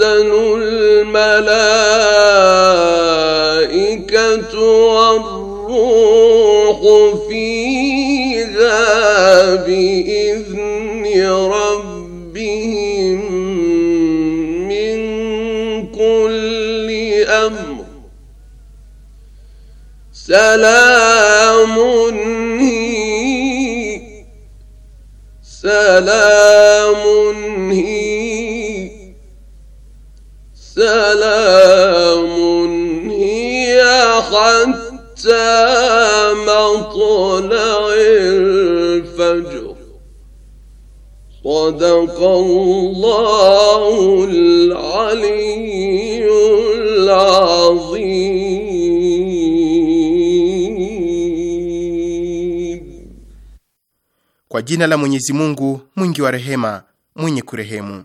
تحزن الملائكة والروح فيها بإذن ربهم من كل أمر سلام هي سلام هي سلام هي حتى مطلع الفجر صدق الله العلي العظيم. Kwa jina la Mwenyezi Mungu mwingi wa rehema mwenye kurehemu.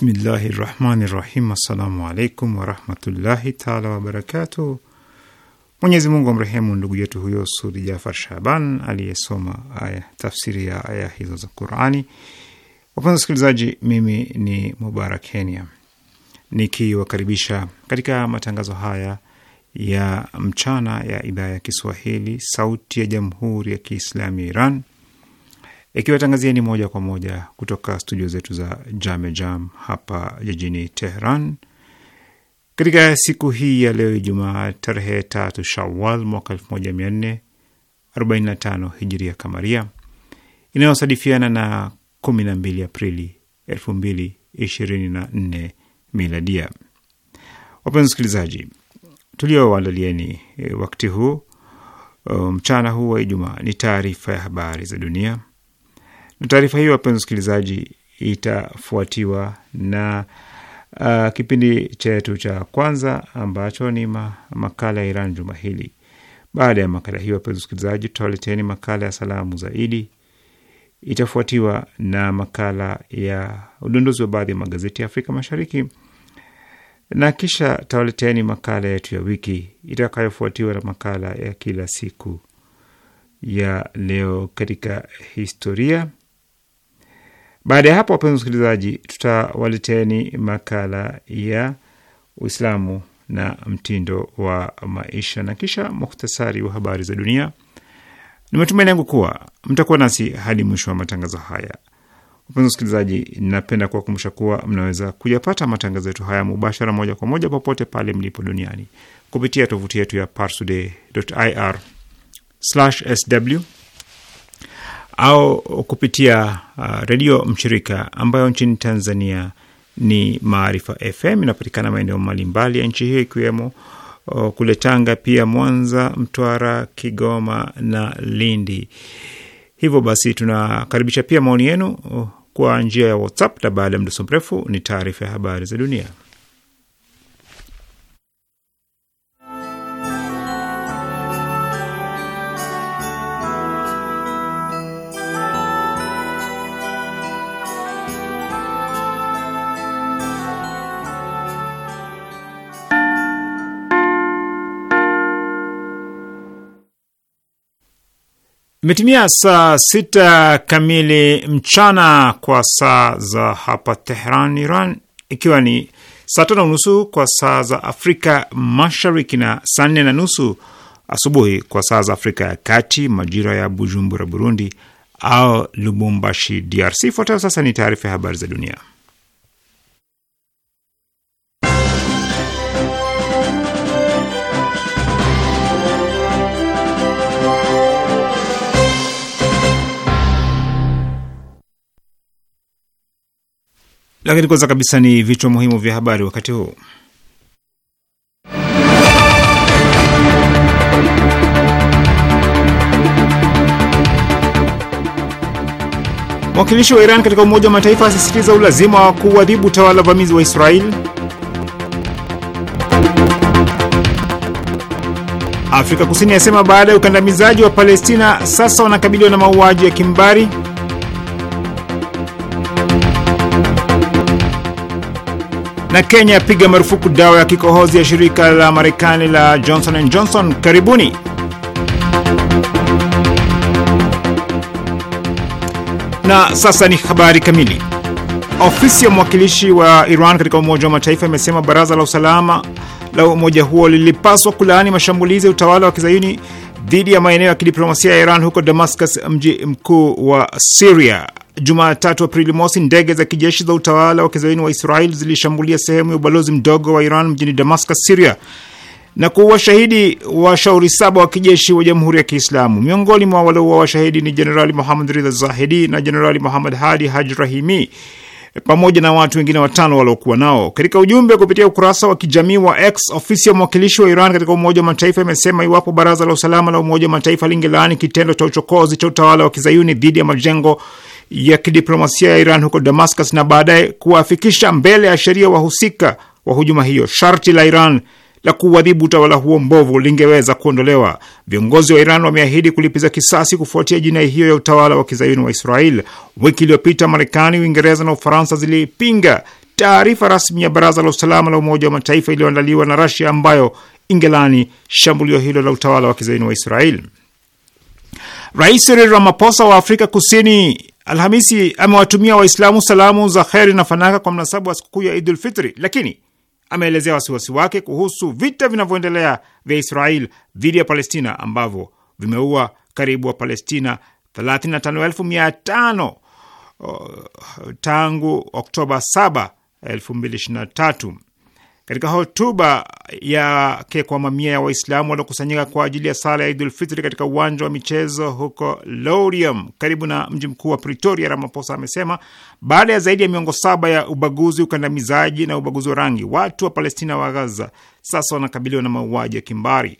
Bismillahi rahmani rahim. Assalamu alaikum warahmatullahi taala wabarakatuh. Mwenyezi Mungu amrehemu ndugu yetu huyo Sudi Jafar Shaban aliyesoma aya tafsiri ya aya hizo za Qurani. Wapenzi wasikilizaji, mimi ni Mubarak Kenya nikiwakaribisha katika matangazo haya ya mchana ya idhaa ya Kiswahili sauti ya jamhuri ya Kiislamu ya Iran ni moja kwa moja kutoka studio zetu za Jame Jam hapa jijini Tehran katika siku hii ya leo Ijumaa tarehe tatu Shawal mwaka 1445 Hijiria Kamaria inayosadifiana na 12 Aprili 2024 Miladia. Wapenzi msikilizaji, tuliowaandalieni eh, wakti huu eh, mchana um, huu wa Ijumaa ni taarifa ya habari za dunia Taarifa hiyo wapenzi wasikilizaji, itafuatiwa na uh, kipindi chetu cha kwanza ambacho ni ma, makala ya Iran juma hili. Baada ya makala hiyo, wapenzi wasikilizaji, tutawaleteni makala ya salamu zaidi, itafuatiwa na makala ya udondozi wa baadhi ya magazeti ya Afrika Mashariki na kisha tawaleteni makala yetu ya wiki itakayofuatiwa na makala ya kila siku ya leo katika historia baada ya hapo, wapenzi wasikilizaji, tutawaleteni makala ya Uislamu na mtindo wa maisha na kisha muhtasari wa habari za dunia. Ni matumaini yangu kuwa mtakuwa nasi hadi mwisho wa matangazo haya. Wapenzi wasikilizaji, napenda kuwakumbusha kuwa mnaweza kuyapata matangazo yetu haya mubashara, moja kwa moja, popote pale mlipo duniani kupitia tovuti yetu ya parstoday.ir/sw au kupitia uh, redio mshirika ambayo nchini Tanzania ni Maarifa FM. Inapatikana maeneo mbalimbali ya nchi hiyo ikiwemo uh, kule Tanga, pia Mwanza, Mtwara, Kigoma na Lindi. Hivyo basi tunakaribisha pia maoni yenu uh, kwa njia ya WhatsApp na baada ya mdoso mrefu ni taarifa ya habari za dunia. Imetimia saa sita kamili mchana kwa saa za hapa Tehran, Iran, ikiwa ni saa tano nusu kwa saa za Afrika Mashariki na saa nne na nusu asubuhi kwa saa za Afrika ya Kati, majira ya Bujumbura, Burundi, au Lubumbashi, DRC. Ifuatayo sasa ni taarifa ya habari za dunia. Lakini kwanza kabisa ni vichwa muhimu vya habari wakati huu. Mwakilishi wa Iran katika Umoja wa Mataifa asisitiza ulazima wa kuadhibu utawala vamizi wa Israeli. Afrika Kusini yasema baada ya ukandamizaji wa Palestina sasa wanakabiliwa na mauaji ya kimbari. na Kenya yapiga marufuku dawa ya kikohozi ya shirika la Marekani la Johnson and Johnson. Karibuni. Na sasa ni habari kamili. Ofisi ya mwakilishi wa Iran katika Umoja wa Mataifa imesema baraza la usalama la umoja huo lilipaswa kulaani mashambulizi ya utawala wa kizayuni dhidi ya maeneo ya kidiplomasia ya Iran huko Damascus, mji mkuu wa Syria. Jumatatu Aprili mosi, ndege za kijeshi za utawala wa kizaini wa Israel zilishambulia sehemu ya ubalozi mdogo wa Iran mjini Damascus, Siria na kuua shahidi washauri saba wa kijeshi wa Jamhuri ya Kiislamu. Miongoni mwa walioua washahidi ni Jenerali Muhammad Ridha Zahidi na Jenerali Muhammad Hadi Haj Rahimi pamoja na watu wengine watano waliokuwa nao. Katika ujumbe kupitia ukurasa wa kijamii wa X, ofisi ya mwakilishi wa Iran katika Umoja wa Mataifa imesema iwapo Baraza la Usalama la Umoja wa Mataifa lingelaani kitendo cha uchokozi cha utawala wa kizayuni dhidi ya majengo ya kidiplomasia ya Iran huko Damascus na baadaye kuwafikisha mbele ya sheria wahusika wa hujuma hiyo. Sharti la Iran la kuadhibu utawala huo mbovu lingeweza kuondolewa. Viongozi wa Iran wameahidi kulipiza kisasi kufuatia jinai hiyo ya utawala wa kizayuni wa Israel. Wiki iliyopita, Marekani, Uingereza na Ufaransa zilipinga taarifa rasmi ya Baraza la Usalama la Umoja wa Mataifa iliyoandaliwa na Rasia ambayo ingelani shambulio hilo la utawala wa kizayuni wa Israel. Rais Cyril Ramaphosa wa Afrika Kusini Alhamisi amewatumia Waislamu salamu za kheri na fanaka kwa mnasabu wa sikukuu ya Idul Fitri, lakini ameelezea wasiwasi wake kuhusu vita vinavyoendelea vya Israel dhidi ya Palestina ambavyo vimeua karibu wa Palestina 35,500 uh, tangu Oktoba 7, 2023. Katika hotuba yake kwa mamia ya Waislamu waliokusanyika kwa ajili ya sala ya idulfitri katika uwanja wa michezo huko Lourium karibu na mji mkuu wa Pretoria, Ramaphosa amesema baada ya zaidi ya miongo saba ya ubaguzi, ukandamizaji na ubaguzi wa rangi, watu wa Palestina wa Gaza sasa wanakabiliwa na mauaji ya kimbari.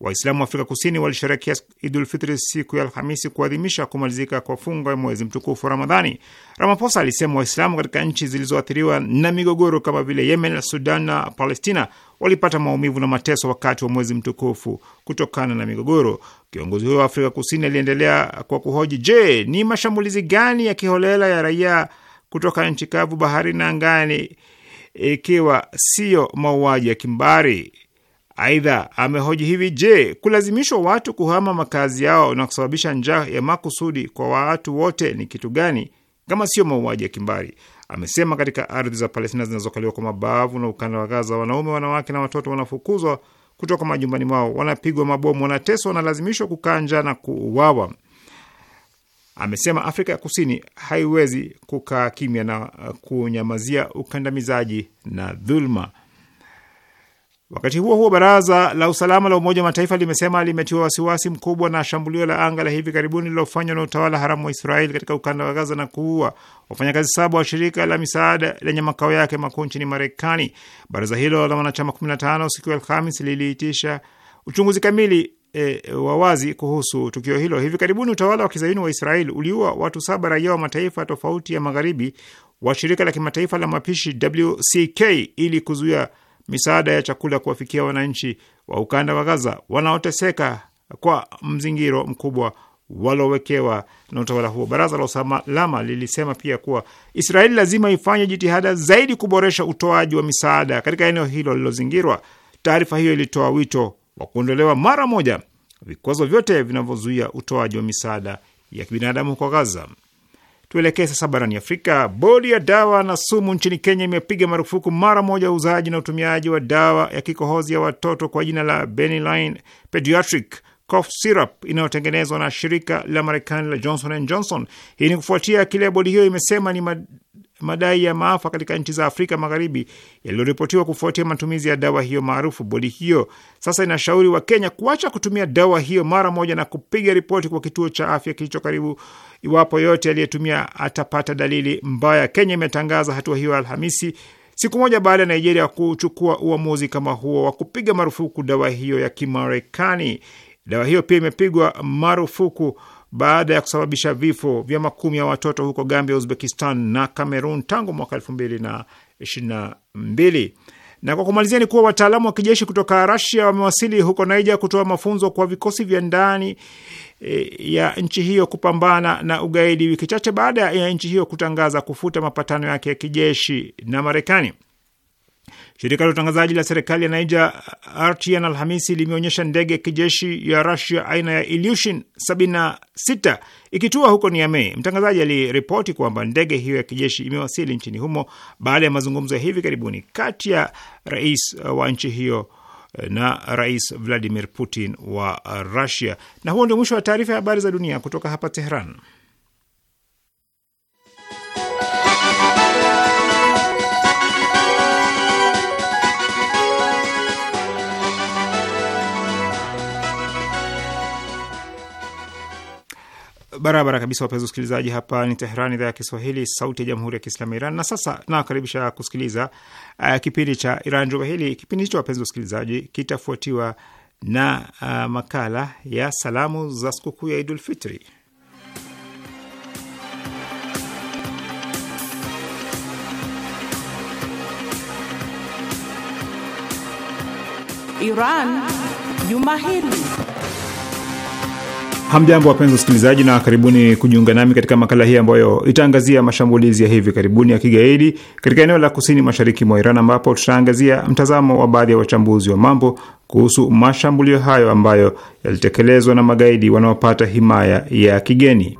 Waislamu wa Afrika Kusini walisherekea Idulfitri siku ya Alhamisi kuadhimisha kumalizika kwa funga ya mwezi mtukufu wa Ramadhani. Ramaphosa alisema Waislamu katika nchi zilizoathiriwa na migogoro kama vile Yemen na Sudan na Palestina walipata maumivu na mateso wakati wa mwezi mtukufu kutokana na migogoro. Kiongozi huyo wa Afrika Kusini aliendelea kwa kuhoji, je, ni mashambulizi gani ya kiholela ya raia kutoka nchi kavu, bahari na angani ikiwa siyo mauaji ya kimbari? Aidha amehoji hivi, je, kulazimishwa watu kuhama makazi yao na kusababisha njaa ya makusudi kwa watu wote ni kitu gani kama sio mauaji ya kimbari? Amesema katika ardhi za Palestina zinazokaliwa kwa mabavu na ukanda wa Gaza, wanaume, wanawake na watoto wanafukuzwa kutoka majumbani mwao, wanapigwa mabomu, wanateswa, wanalazimishwa kukaa njaa na kuuawa. Amesema Afrika ya Kusini haiwezi kukaa kimya na kunyamazia ukandamizaji na dhuluma. Wakati huo huo, baraza la usalama la Umoja wa Mataifa limesema limetiwa wasiwasi mkubwa na shambulio la anga la hivi karibuni lililofanywa na utawala haramu wa Israeli katika ukanda wa Gaza na kuua wafanyakazi saba wa shirika la misaada lenye makao yake makuu nchini Marekani. Baraza hilo la wanachama 15 siku ya Alhamis liliitisha uchunguzi kamili E, wa wazi kuhusu tukio hilo. Hivi karibuni utawala wa kizaini wa Israeli uliua watu saba raia wa mataifa tofauti ya magharibi wa shirika la kimataifa la mapishi WCK ili kuzuia misaada ya chakula kuwafikia wananchi wa ukanda wa Gaza wanaoteseka kwa mzingiro mkubwa walowekewa na utawala huo. Baraza la usalama lilisema pia kuwa Israeli lazima ifanye jitihada zaidi kuboresha utoaji wa misaada katika eneo hilo lilozingirwa. Taarifa hiyo ilitoa wito wa kuondolewa mara moja vikwazo vyote vinavyozuia utoaji wa misaada ya kibinadamu kwa Gaza. Tuelekee sasa barani Afrika. Bodi ya dawa na sumu nchini Kenya imepiga marufuku mara moja uuzaji na utumiaji wa dawa ya kikohozi ya watoto kwa jina la Benylin Pediatric Cough Syrup inayotengenezwa na shirika la Marekani la Johnson and Johnson. Hii ni kufuatia kile bodi hiyo imesema ni madai ya maafa katika nchi za Afrika Magharibi yaliyoripotiwa kufuatia matumizi ya dawa hiyo maarufu. Bodi hiyo sasa inashauri Wakenya kuacha kutumia dawa hiyo mara moja na kupiga ripoti kwa kituo cha afya kilicho karibu iwapo yote aliyetumia atapata dalili mbaya. Kenya imetangaza hatua hiyo Alhamisi, siku moja baada ya Nigeria kuchukua uamuzi kama huo wa kupiga marufuku dawa hiyo ya Kimarekani. Dawa hiyo pia imepigwa marufuku baada ya kusababisha vifo vya makumi ya watoto huko Gambia, Uzbekistan na Cameroon tangu mwaka elfu mbili na ishirini na mbili. Na kwa kumalizia ni kuwa wataalamu wa kijeshi kutoka Rasia wamewasili huko naija kutoa mafunzo kwa vikosi vya ndani e, ya nchi hiyo kupambana na ugaidi, wiki chache baada ya nchi hiyo kutangaza kufuta mapatano yake ya kijeshi na Marekani. Shirika la utangazaji la serikali ya Niger RTN Alhamisi limeonyesha ndege ya kijeshi ya Rusia aina ya Ilyushin 76 ikitua huko niamei Mtangazaji aliripoti kwamba ndege hiyo ya kijeshi imewasili nchini humo baada ya mazungumzo ya hivi karibuni kati ya rais wa nchi hiyo na Rais Vladimir Putin wa Rusia. Na huo ndio mwisho wa taarifa ya habari za dunia kutoka hapa teheran barabara kabisa, wapenzi wasikilizaji, hapa ni Teherani, idhaa ya Kiswahili, sauti ya jamhuri ya kiislamu ya Iran. Na sasa nawakaribisha kusikiliza uh, kipindi cha Iran juma hili. Kipindi hicho, wapenzi wasikilizaji, kitafuatiwa na uh, makala ya salamu za sikukuu ya Idul Fitri. Iran juma hili Hamjambo, wapenzi wasikilizaji, na karibuni kujiunga nami katika makala hii ambayo itaangazia mashambulizi ya hivi karibuni ya kigaidi katika eneo la kusini mashariki mwa Iran, ambapo tutaangazia mtazamo wa baadhi ya wachambuzi wa mambo kuhusu mashambulio hayo ambayo yalitekelezwa na magaidi wanaopata himaya ya kigeni.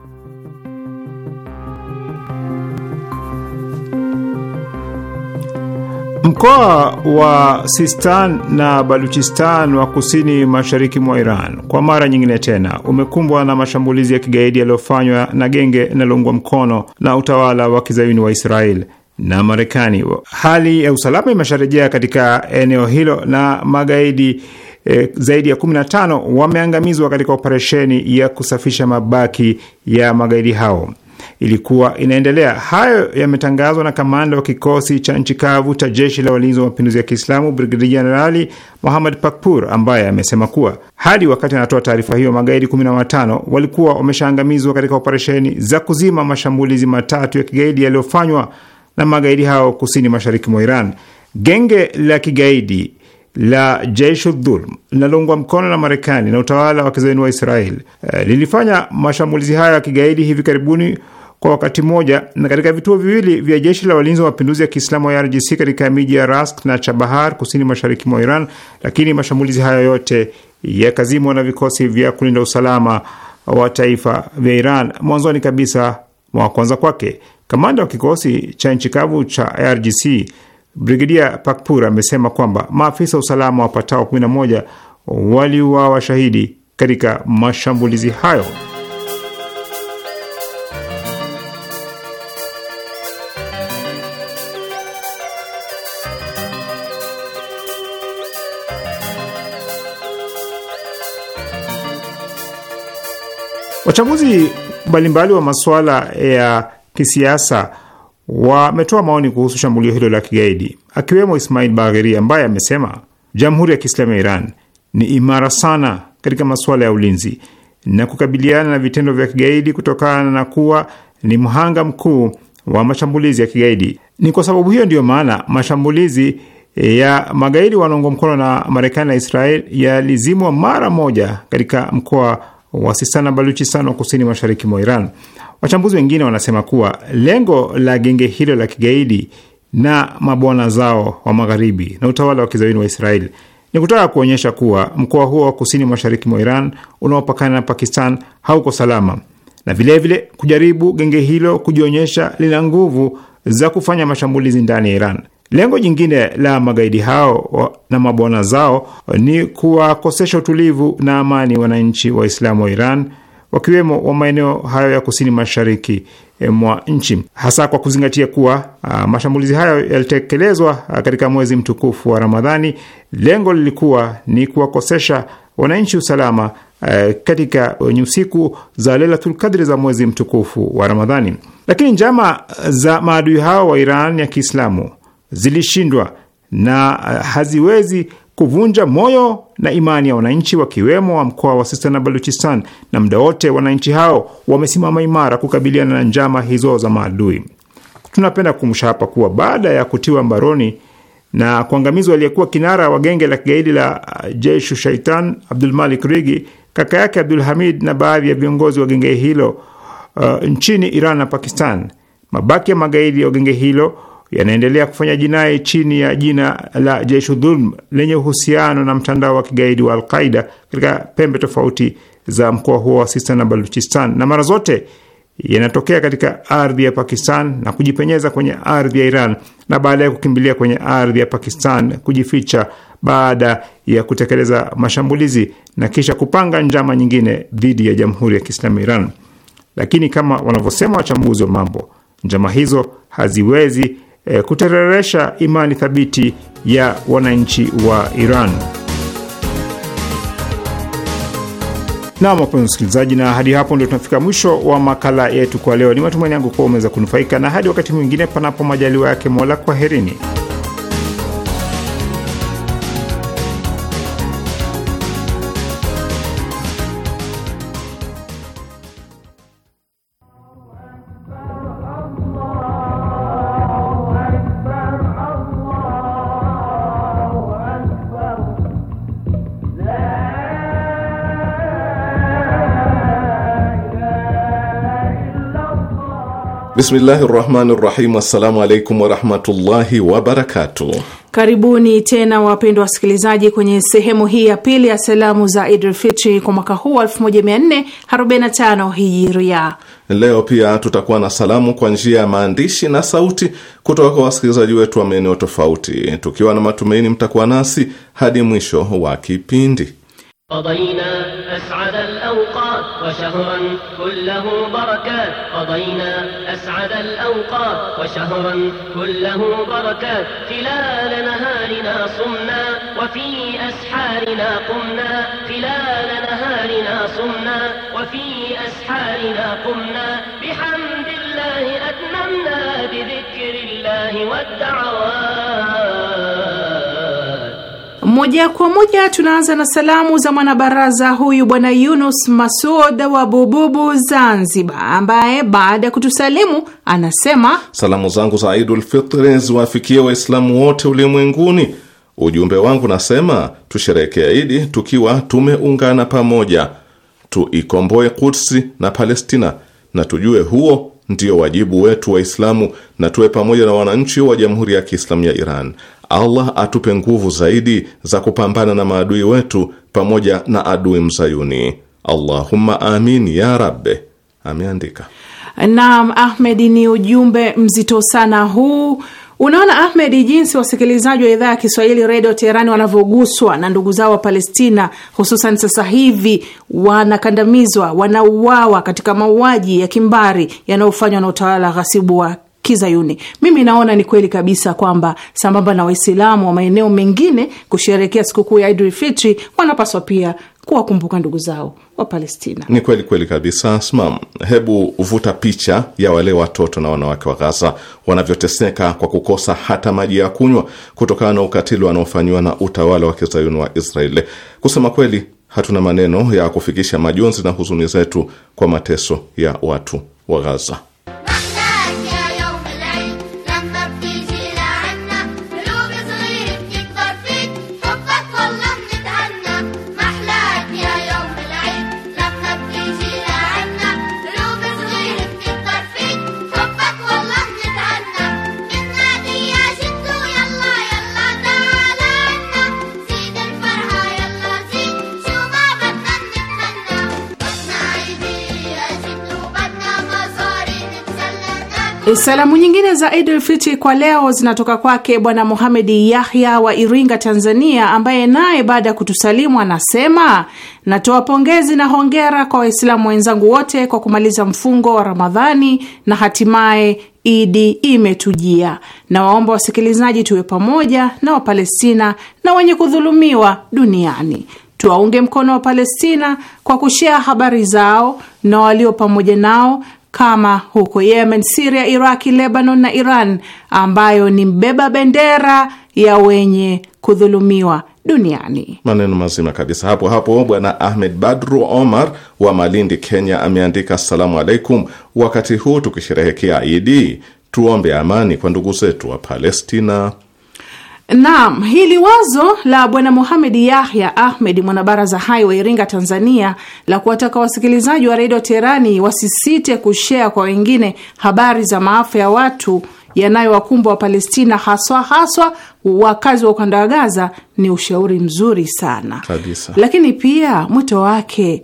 Mkoa wa Sistan na Baluchistan wa kusini mashariki mwa Iran kwa mara nyingine tena umekumbwa na mashambulizi ya kigaidi yaliyofanywa na genge linaloungwa mkono na utawala wa kizayuni wa Israel na Marekani. Hali ya usalama imesharejea katika eneo hilo na magaidi E, zaidi ya 15 wameangamizwa katika operesheni ya kusafisha mabaki ya magaidi hao ilikuwa inaendelea. Hayo yametangazwa na kamanda wa kikosi cha nchi kavu cha jeshi la walinzi wa mapinduzi ya Kiislamu, Brigedia Jenerali Mohammad Pakpur, ambaye amesema kuwa hadi wakati anatoa taarifa hiyo magaidi 15 walikuwa wameshaangamizwa katika operesheni za kuzima mashambulizi matatu ya kigaidi yaliyofanywa na magaidi hao kusini mashariki mwa Iran. Genge la kigaidi la Jeishudhulm linaloungwa mkono na Marekani na utawala wa kizayuni wa Israel eh, lilifanya mashambulizi hayo ya kigaidi hivi karibuni kwa wakati mmoja na katika vituo viwili vya jeshi la walinzi wa mapinduzi ya Kiislamu ya IRGC katika miji ya Rask na Chabahar kusini mashariki mwa Iran, lakini mashambulizi hayo yote yakazimwa na vikosi vya kulinda usalama wa taifa vya Iran mwanzoni kabisa mwa kwanza kwake. Kamanda wa kikosi cha nchi kavu cha IRGC Brigedia Pakpur amesema kwamba maafisa wa usalama wapatao 11 waliuawa shahidi katika mashambulizi hayo. Wachambuzi mbalimbali wa masuala ya kisiasa wametoa maoni kuhusu shambulio hilo la kigaidi, akiwemo Ismail Bagheri ambaye amesema Jamhuri ya Kiislamu ya Iran ni imara sana katika masuala ya ulinzi na kukabiliana na vitendo vya kigaidi kutokana na kuwa ni mhanga mkuu wa mashambulizi ya kigaidi. Ni kwa sababu hiyo ndiyo maana mashambulizi e, ya magaidi wanaungwa mkono na Marekani na Israel yalizimwa mara moja katika mkoa Wasistan na Baluchistan wa kusini mashariki mwa Iran. Wachambuzi wengine wanasema kuwa lengo la genge hilo la kigaidi na mabwana zao wa magharibi na utawala wa kizawini wa israel ni kutaka kuonyesha kuwa mkoa huo wa kusini mashariki mwa Iran unaopakana na Pakistan hauko salama na vilevile vile, kujaribu genge hilo kujionyesha lina nguvu za kufanya mashambulizi ndani ya Iran. Lengo jingine la magaidi hao na mabwana zao ni kuwakosesha utulivu na amani wananchi Waislamu wa Iran wakiwemo wa maeneo hayo ya kusini mashariki eh, mwa nchi, hasa kwa kuzingatia kuwa a, ah, mashambulizi hayo yalitekelezwa ah, katika mwezi mtukufu wa Ramadhani. Lengo lilikuwa ni kuwakosesha wananchi usalama a, eh, katika wenye eh, usiku za Lailatul Qadri za mwezi mtukufu wa Ramadhani. Lakini njama za maadui hao wa Iran ya Kiislamu zilishindwa na eh, haziwezi kuvunja moyo na imani ya wananchi wakiwemo wa mkoa wa Sistan na Baluchistan, na muda wote wananchi hao wamesimama imara kukabiliana na njama hizo za maadui. Tunapenda kukumbusha hapa kuwa baada ya kutiwa mbaroni na kuangamizwa aliyekuwa kinara wa genge la kigaidi la eh, Jeshu Shaitan Malik Rigi, kaka yake Abdul Hamid na baadhi ya viongozi wa genge hilo uh, nchini Iran na Pakistan, mabaki ya magaidi wa genge hilo yanaendelea kufanya jinai chini ya jina la dhulm lenye uhusiano na mtandao wa kigaidi wa Alqaida katika pembe tofauti za mkoa huo wa Sistan na Baluchistan, na mara zote yanatokea katika ardhi ya Pakistan na kujipenyeza kwenye ardhi ya Iran na baadaye kukimbilia kwenye ardhi ya Pakistan kujificha baada ya kutekeleza mashambulizi na kisha kupanga njama nyingine dhidi ya Jamhuri ya Kiislamu Iran. Lakini kama wanavyosema wachambuzi wa mambo, njama hizo haziwezi E, kutereresha imani thabiti ya wananchi wa Iran. Nam, wapenzi msikilizaji, na hadi hapo ndio tunafika mwisho wa makala yetu kwa leo. Ni matumaini yangu kuwa umeweza kunufaika, na hadi wakati mwingine, panapo majaliwa yake Mola, kwaherini. Bismillahi rahmani rahim. Assalamu alaikum warahmatullahi Karibuni tena wapendwa wasikilizaji kwenye sehemu hii ya pili ya salamu za Idul Fitri kwa mwaka huu 1445 Hijiria. Leo pia tutakuwa na salamu kwa njia ya maandishi na sauti kutoka kwa wasikilizaji wetu wa maeneo tofauti, tukiwa na matumaini mtakuwa nasi hadi mwisho wa kipindi. Qadayna as'ada al-awqat wa shahran barakat qadayna أسعد الأوقات وشهرا كله بركات خلال نهارنا صمنا وفي أسحارنا قمنا خلال نهارنا صمنا وفي أسحارنا قمنا بحمد الله أتممنا بذكر الله والدعوات Moja kwa moja tunaanza na salamu za mwanabaraza huyu bwana Yunus Masud wa Bububu, Zanzibar, ambaye baada ya kutusalimu anasema salamu zangu za Idul Fitri ziwafikie Waislamu wote ulimwenguni. Ujumbe wangu nasema tusherekea Idi tukiwa tumeungana pamoja, tuikomboe Kudsi na Palestina, na tujue huo ndio wajibu wetu Waislamu, na tuwe pamoja na wananchi wa Jamhuri ya Kiislamu ya Iran. Allah atupe nguvu zaidi za kupambana na maadui wetu pamoja na adui mzayuni. Allahumma amin ya rabbe, ameandika. Naam, Ahmed, ni ujumbe mzito sana huu. Unaona Ahmedi, jinsi wasikilizaji wa idhaa ya Kiswahili redio Teherani wanavyoguswa na ndugu zao wa Palestina, hususan sasa hivi wanakandamizwa, wanauawa katika mauaji ya kimbari yanayofanywa na utawala ghasibu wa kizayuni. Mimi naona ni kweli kabisa kwamba sambamba na Waislamu wa maeneo mengine kusherehekea sikukuu ya Idul Fitri, wanapaswa pia kuwakumbuka ndugu zao wa Palestina. Ni kweli kweli kabisa. Asma, hebu vuta picha ya wale watoto na wanawake wa Gaza wanavyoteseka kwa kukosa hata maji ya kunywa kutokana na ukatili wanaofanyiwa na utawala wa kizayuni wa Israeli. Kusema kweli, hatuna maneno ya kufikisha majonzi na huzuni zetu kwa mateso ya watu wa Gaza. Eh, salamu nyingine za Idul kwa leo zinatoka kwake Bwana Muhamedi Yahya wa Iringa, Tanzania, ambaye naye baada ya kutusalimu anasema natoa pongezi na hongera kwa Waislamu wenzangu wote kwa kumaliza mfungo wa Ramadhani na hatimaye Idi imetujia. Na waomba wasikilizaji tuwe pamoja na Wapalestina na wenye kudhulumiwa duniani. Tuwaunge mkono wa Palestina kwa kushea habari zao na walio pamoja nao kama huko Yemen, Siria, Iraki, Lebanon na Iran, ambayo ni mbeba bendera ya wenye kudhulumiwa duniani. Maneno mazima kabisa. Hapo hapo Bwana Ahmed Badru Omar wa Malindi, Kenya, ameandika assalamu alaikum. Wakati huu tukisherehekea Idi, tuombe amani kwa ndugu zetu wa Palestina. Naam, hili wazo la bwana Mohamed Yahya Ahmed, mwanabaraza hai wa Iringa, Tanzania, la kuwataka wasikilizaji wa redio Teherani wasisite kushea kwa wengine habari za maafa ya watu wa Wapalestina, haswa haswa wakazi wa ukanda wa Gaza ni ushauri mzuri sana kabisa. Lakini pia mwito wake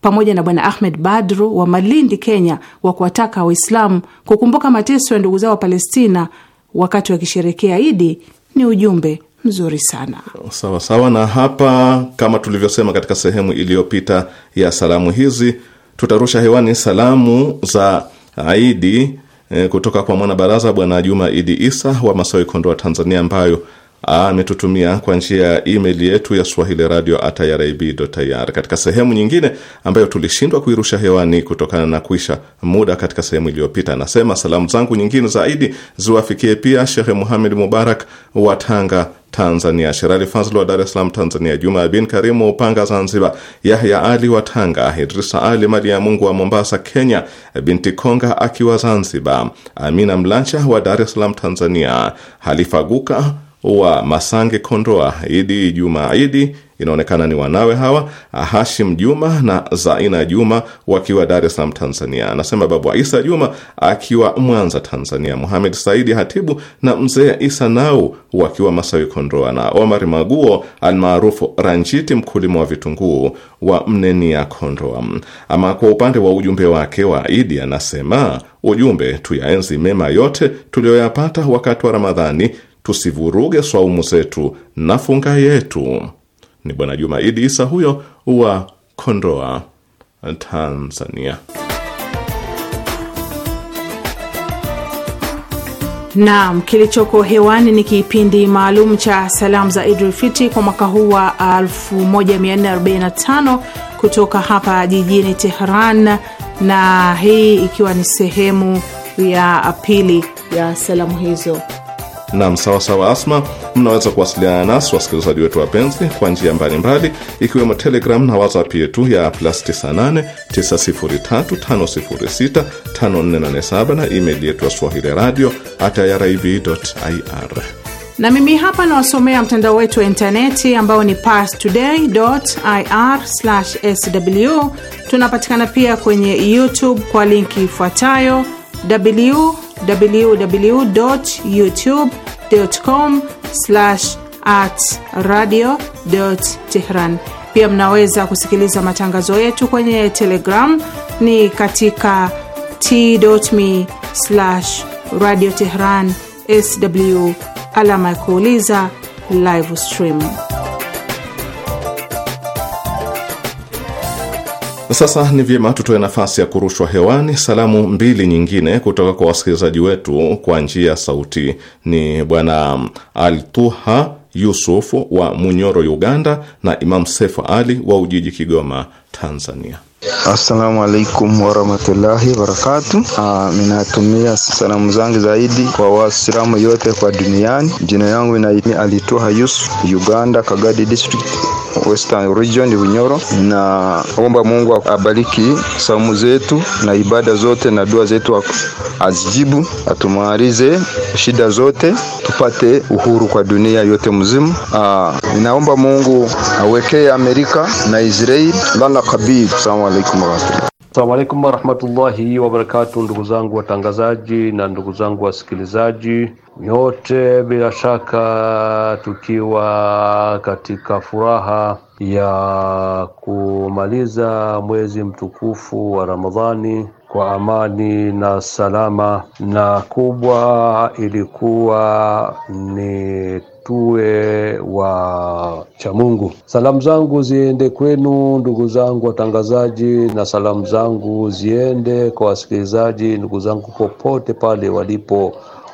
pamoja na bwana Ahmed Badru wa Malindi, Kenya, wa kuwataka Waislamu kukumbuka mateso ya ndugu zao wa Palestina wakati wakisherekea Idi ni ujumbe mzuri sana. Sawa sawa, na hapa kama tulivyosema katika sehemu iliyopita ya salamu hizi, tutarusha hewani salamu za Aidi eh, kutoka kwa mwanabaraza Bwana Juma Idi Isa wa Masawi, Kondoa, Tanzania, ambayo ametutumia kwa njia ya email yetu ya swahili radio at irib.ir. Katika sehemu nyingine ambayo tulishindwa kuirusha hewani kutokana na kuisha muda katika sehemu iliyopita, anasema salamu zangu nyingine zaidi ziwafikie pia shehe Muhamed Mubarak wa Tanga Tanzania, Sherali Fazl wa Dar es Salaam Tanzania, Juma bin Karimu Upanga Zanzibar, Yahya Ali wa Tanga, Idrisa Ali mali ya Mungu wa Mombasa Kenya, Binti Konga akiwa Zanzibar, Amina Mlancha wa Dar es Salaam Tanzania, Halifa Guka wa Masange, Kondoa, Idi Juma Idi, inaonekana ni wanawe hawa, Hashim Juma na Zaina Juma wakiwa Dar es Salaam, Tanzania. Anasema babu Isa Juma akiwa Mwanza, Tanzania, Muhamed Saidi Hatibu na mzee Isa Nau wakiwa Masawi, Kondoa, na Omar Maguo almaarufu Ranjiti, mkulima wa vitunguu wa Mneni ya Kondoa. Ama kwa upande wa ujumbe wake wa Idi, anasema ujumbe tuyaenzi mema yote tuliyoyapata wakati wa Ramadhani tusivuruge swaumu zetu na funga yetu. Ni Bwana Juma Idi Isa huyo wa Kondoa, Tanzania. Naam, kilichoko hewani ni kipindi maalum cha salamu za Idul Fitri kwa mwaka huu wa 1445 kutoka hapa jijini Tehran, na hii ikiwa ni sehemu ya pili ya salamu hizo na Sawasawa Asma. Mnaweza kuwasiliana nasi wasikilizaji wetu wapenzi, kwa njia mbalimbali, ikiwemo Telegram na WhatsApp yetu ya plus 98 na email yetu ya swahili radio at irib ir na mimi hapa nawasomea mtandao wetu wa intaneti ambao ni parstoday.ir/sw. Tunapatikana pia kwenye YouTube kwa linki ifuatayo www.youtube.com at radio Tehran. Pia mnaweza kusikiliza matangazo yetu kwenye Telegram ni katika t.me slash radio Tehran sw alama ya kuuliza live stream. Sasa ni vyema tutoe nafasi ya kurushwa hewani salamu mbili nyingine kutoka kwa wasikilizaji wetu kwa njia ya sauti. Ni bwana Altuha Yusufu wa Munyoro, Uganda, na Imam Sefu Ali wa Ujiji, Kigoma, Tanzania. Assalamu alaikum warahmatullahi wabarakatu. Ah, ninatumia salamu zangu zaidi kwa Waislamu yote kwa duniani. Jina yangu ni Alitoha Yusuf, Uganda, Kagadi District, Western Region, Bunyoro. omba Mungu abariki saumu zetu na ibada zote na dua zetu azijibu, atumalize shida zote, tupate uhuru kwa dunia yote mzima. Ah, Ninaomba Mungu awekee Amerika na Israeli lana kabii. Asalamu alaykum warahmatullahi. Asalamu alaykum warahmatullahi wabarakatuh, ndugu zangu watangazaji na ndugu zangu wasikilizaji nyote, bila shaka tukiwa katika furaha ya kumaliza mwezi mtukufu wa Ramadhani kwa amani na salama, na kubwa ilikuwa ni tuwe wa cha Mungu. Salamu zangu ziende kwenu ndugu zangu watangazaji, na salamu zangu ziende kwa wasikilizaji ndugu zangu popote pale walipo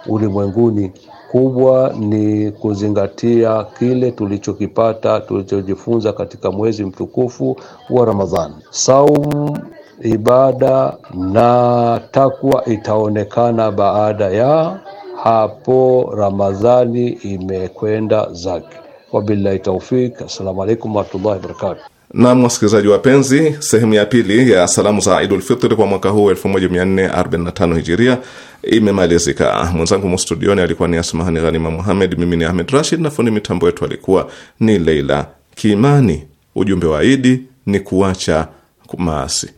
ulimwenguni. Kubwa ni kuzingatia kile tulichokipata, tulichojifunza katika mwezi mtukufu wa Ramadhani. Saumu, ibada na takwa itaonekana baada ya hapo Ramadhani imekwenda zake. Wabillahi taufik, assalamu alaikum warahmatullahi wabarakatu. Naam, wasikilizaji wapenzi, sehemu ya pili ya salamu za Idul Fitri kwa mwaka huu 1445 Hijiria imemalizika. Mwenzangu mustudioni alikuwa ni Asmahani Ghanima Muhamed, mimi ni Ahmed Rashid na fundi mitambo yetu alikuwa ni Leila Kimani. Ujumbe wa Idi ni kuacha maasi.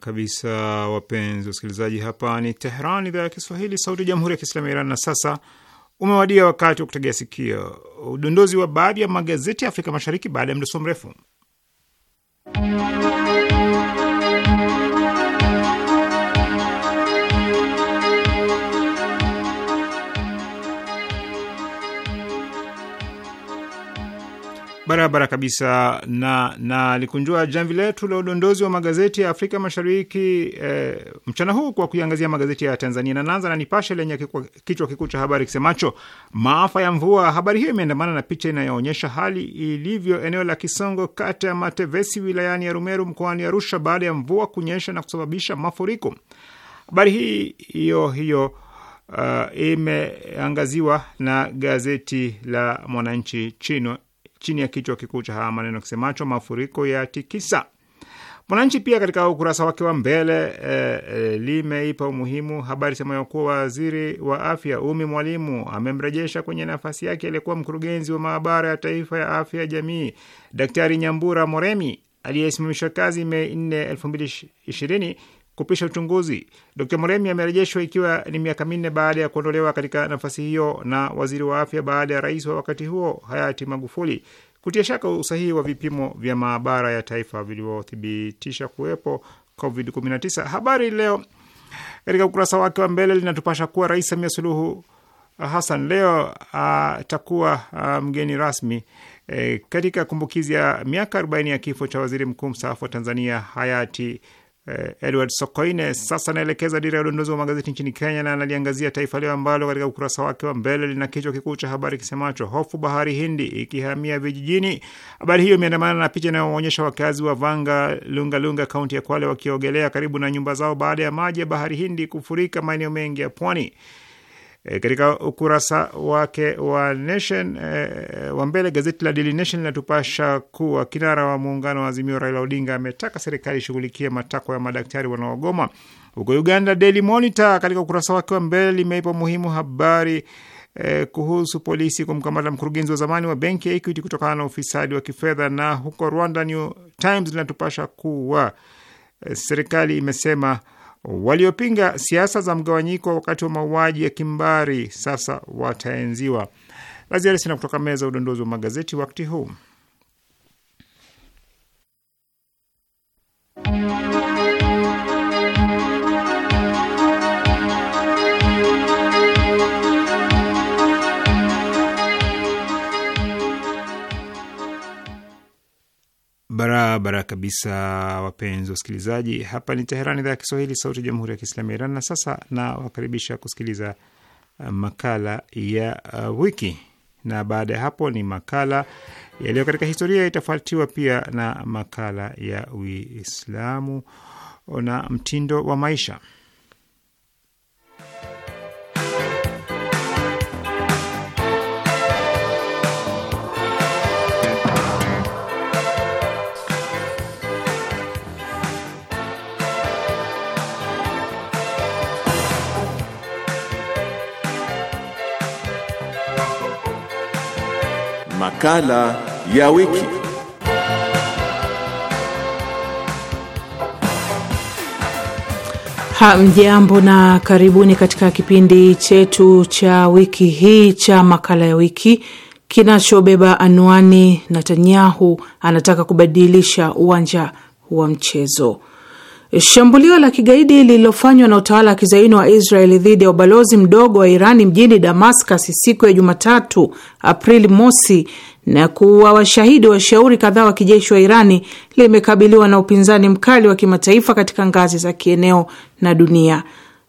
kabisa wapenzi wasikilizaji, hapa ni Tehran, idhaa ya Kiswahili, sauti ya jamhuri ya kiislamu ya Iran. Na sasa umewadia wakati wa kutegea sikio udondozi wa baadhi ya magazeti ya Afrika Mashariki baada ya mdoso mrefu Barabara kabisa na nalikunjua jamvi letu la udondozi wa magazeti ya Afrika Mashariki e, mchana huu kwa kuiangazia magazeti ya Tanzania na naanza na Nipashe lenye kichwa kikuu cha habari kisemacho maafa ya mvua. Habari hiyo imeandamana na picha inayoonyesha hali ilivyo eneo la Kisongo, kata ya Matevesi, wilayani ya Rumeru, mkoani Arusha, baada ya mvua kunyesha na kusababisha mafuriko. Habari hii hiyo hiyo uh, imeangaziwa na gazeti la Mwananchi chino chini ya kichwa kikuu cha haya maneno kisemacho mafuriko ya tikisa. Mwananchi pia katika ukurasa wake wa mbele e, e, limeipa umuhimu habari semayo kuwa waziri wa afya Umi Mwalimu amemrejesha kwenye nafasi yake aliyekuwa mkurugenzi wa maabara ya taifa ya afya ya jamii Daktari Nyambura Moremi aliyesimamishwa kazi Mei 4, 2020 kupisha uchunguzi. Dr Moremi amerejeshwa ikiwa ni miaka minne baada ya kuondolewa katika nafasi hiyo na waziri wa afya baada ya rais wa wakati huo hayati Magufuli kutia shaka usahihi wa vipimo vya maabara ya taifa vilivyothibitisha kuwepo COVID-19. Habari Leo katika ukurasa wake wa mbele linatupasha kuwa Rais Samia Suluhu Hassan leo atakuwa uh, mgeni rasmi eh, katika kumbukizi ya miaka 40 ya kifo cha waziri mkuu mstaafu wa Tanzania hayati eh, Edward Sokoine. Sasa naelekeza dira ya udondozi wa magazeti nchini Kenya na analiangazia Taifa Leo ambalo katika ukurasa wake wa mbele lina kichwa kikuu cha habari kisemacho hofu bahari Hindi ikihamia vijijini. Habari hiyo imeandamana na picha inayoonyesha wakazi wa Vanga Lungalunga, kaunti ya Kwale wakiogelea karibu na nyumba zao baada ya maji ya bahari Hindi kufurika maeneo mengi ya pwani. E, katika ukurasa wake wa Nation e, wa mbele gazeti la Daily Nation linatupasha kuwa kinara wa muungano wa Azimio Raila Odinga ametaka serikali ishughulikie matakwa ya madaktari wanaogoma huko Uganda. Daily Monitor katika ukurasa wake wa mbele limeipa muhimu habari e, kuhusu polisi kumkamata mkurugenzi wa zamani wa benki ya Equity kutokana na ufisadi wa kifedha. Na huko Rwanda, New Times linatupasha kuwa e, serikali imesema Waliopinga siasa za mgawanyiko wakati wa mauaji ya kimbari sasa wataenziwa. La ziada sina kutoka meza udondozi wa magazeti wakati huu. barabara kabisa, wapenzi wasikilizaji, hapa ni Teheran, idhaa ya Kiswahili, sauti ya jamhuri ya kiislamu ya Iran. Na sasa nawakaribisha kusikiliza uh, makala ya uh, wiki, na baada ya hapo ni makala yaliyo katika historia, itafuatiwa pia na makala ya Uislamu na mtindo wa maisha. Makala ya wiki. Hamjambo na karibuni katika kipindi chetu cha wiki hii cha makala ya wiki kinachobeba anwani Netanyahu anataka kubadilisha uwanja wa mchezo. Shambulio la kigaidi lililofanywa na utawala wa kizaini wa Israeli dhidi ya ubalozi mdogo wa Irani mjini Damascus siku ya Jumatatu, Aprili mosi, na kuwa washahidi washauri kadhaa wa kijeshi wa Irani limekabiliwa na upinzani mkali wa kimataifa katika ngazi za kieneo na dunia.